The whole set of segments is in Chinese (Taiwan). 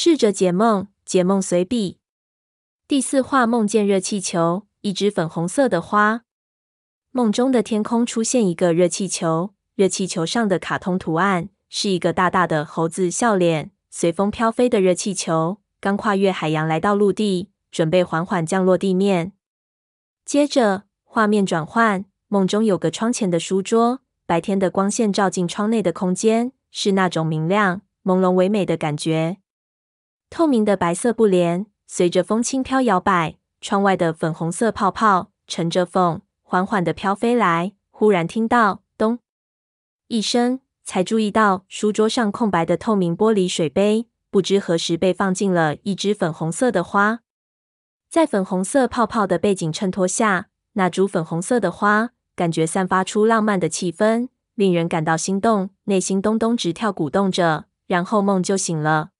試着解夢，解夢隨筆第四話：夢見熱氣球，一枝粉紅色的花。夢中的天空出現一個熱氣球，熱氣球上的卡通圖案是一個大大的猴子笑臉。隨風飄飛的熱氣球剛跨越海洋來到陸地，準備緩緩降落地面。接着畫面轉換，夢中有個窗前的書桌，白天的光線照進窗內的空間，是那種明亮、朦朧、唯美的感覺。透明的白色布簾隨着風輕飄搖擺，窗外的粉紅色泡泡乘着風緩緩的飄飛來。忽然聽到咚一聲，才注意到書桌上空白的透明玻璃水杯，不知何時被放進了一枝粉紅色的花。在粉紅色泡泡的背景襯托下，那株粉紅色的花感覺散發出浪漫的氣氛，令人感到心動，內心咚咚直跳，鼓動着。然後夢就醒了。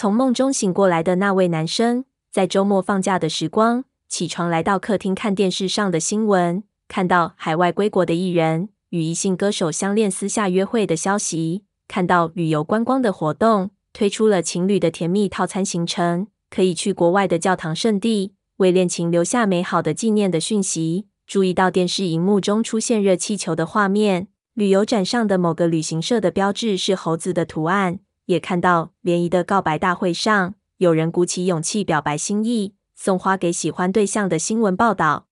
從夢中醒過來的那位男生，在週末放假的時光起床，來到客廳看電視上的新聞，看到海外歸國的藝人與異性歌手相戀、私下約會的消息；看到旅遊觀光的活動推出了情侶的甜蜜套餐行程，可以去國外的教堂聖地為戀情留下美好的紀念的訊息。注意到電視熒幕中出現熱氣球的畫面，旅遊展上的某個旅行社的標誌是猴子的圖案。也看到聯誼的告白大會上，有人鼓起勇氣表白心意，送花給喜歡對象的新聞報道。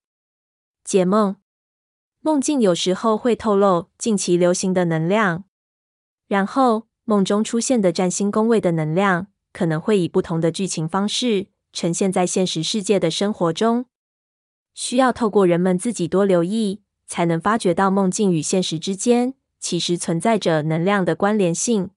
解夢，夢境有時候會透露近期流行的能量，然後夢中出現的占星宮位的能量，可能會以不同的劇情方式呈現在現實世界的生活中。需要透過人們自己多留意，才能發覺到夢境與現實之間其實存在着能量的關聯性。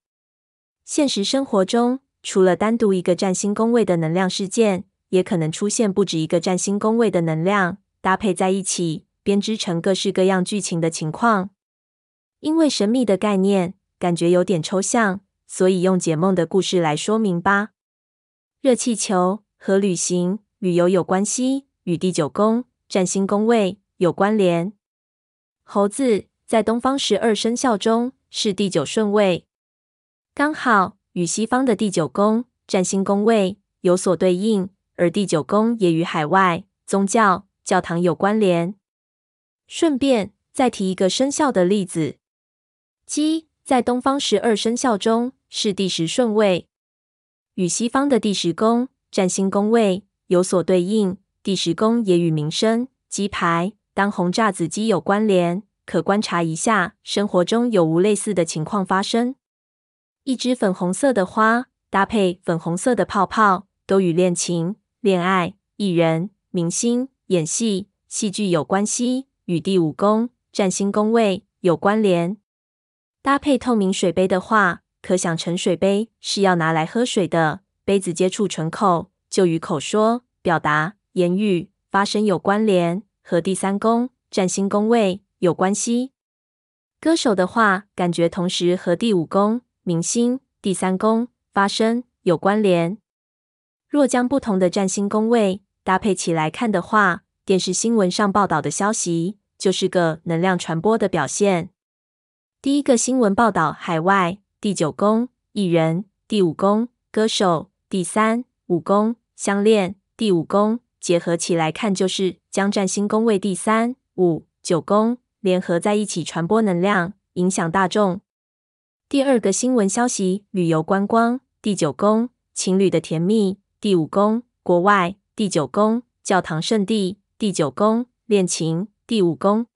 現實生活中，除了單獨一個占星宮位的能量事件，也可能出現不止一個占星宮位的能量，搭配在一起，編織成各式各樣劇情的情況。因為神秘的概念，感覺有點抽象，所以用解夢的故事來說明吧。熱氣球和旅行、旅遊有關係，與第九宮占星宮位有關聯。猴子在東方十二生肖中是第九順位。剛好與西方的第九宮占星宮位有所對應，而第九宮也與海外宗教、教堂有關聯。順便再提一個生肖的例子：雞在東方十二生肖中是第十順位，與西方的第十宮占星宮位有所對應。第十宮也與名聲、雞排、當紅炸子雞有關聯。可觀察一下生活中有無類似的情況發生。一支粉紅色的花，搭配粉紅色的泡泡，都與戀情、戀愛、藝人、明星、演戲、戲劇有關係，與第五宮占星宮位有關聯。搭配透明水杯的話，可想成水杯是要拿來喝水的。杯子接觸唇口，就與口說、表達、言語、發聲有關聯，和第三宮占星宮位有關係。歌手的話，感覺同時和第五宮。明星、第三宮發聲有關聯。若將不同的占星宮位搭配起來看的話，電視新聞上報道的消息就是個能量傳播的表現。第一個新聞報道，海外第九宮、藝人第五宮、歌手第三五宮、相戀第五宮，結合起來看，就是將占星宮位第三五九宮聯合在一起傳播能量，影響大眾。第二個新聞消息：旅遊觀光第九宮，情侶的甜蜜第五宮，國外第九宮，教堂聖地第九宮，戀情第五宮。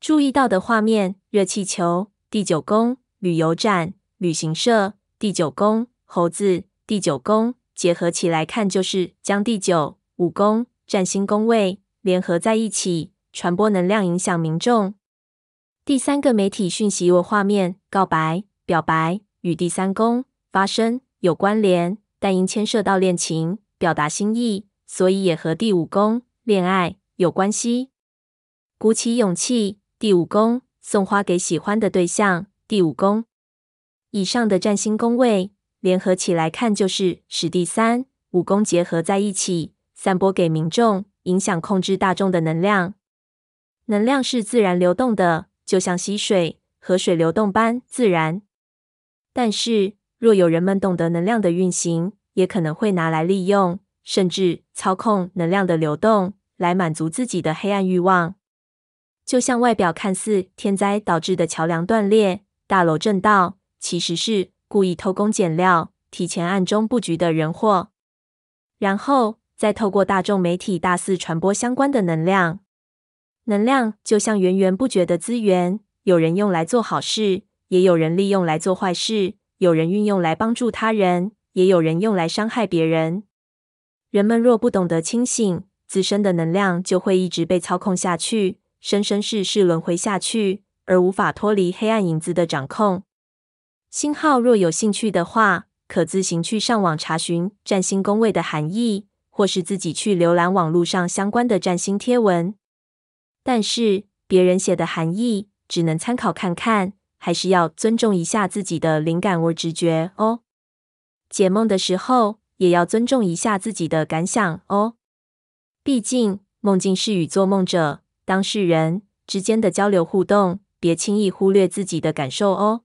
注意到的畫面：熱氣球第九宮，旅遊展旅行社第九宮，猴子第九宮。結合起來看，就是將第九、五宮占星宮位聯合在一起，傳播能量，影響民眾。第三個媒體訊息為畫面，告白、表白，與第三宮發聲有關聯，但因牽涉到戀情、表達心意，所以也和第五宮戀愛有關係。鼓起勇氣，第五宮送花給喜歡的對象，第五宮。以上的占星宮位聯合起來看，就是使第三、五宮結合在一起，散播給民眾，影響控制大眾的能量。能量是自然流動的。就像溪水、河水流動般自然，但是若有人們懂得能量的運行，也可能會拿來利用，甚至操控能量的流動，來滿足自己的黑暗慾望。就像外表看似天災導致的橋樑斷裂、大樓震倒，其實是故意偷工減料、提前暗中布局的人禍，然後再透過大眾媒體大肆傳播相關的能量。能量就像源源不絕的資源，有人用來做好事，也有人利用來做壞事；有人運用來幫助他人，也有人用來傷害別人。人們若不懂得清醒，自身的能量就會一直被操控下去，生生世世輪迴下去，而無法脫離黑暗影子的掌控。星號若有興趣的話，可自行去上網查詢占星宮位的含義，或是自己去瀏覽網絡上相關的占星貼文。但是，別人寫的含義只能參考看看，還是要尊重一下自己的靈感或直覺哦。解夢的時候，也要尊重一下自己的感想哦。畢竟，夢境是與做夢者當事人之間的交流互動，別輕易忽略自己的感受哦。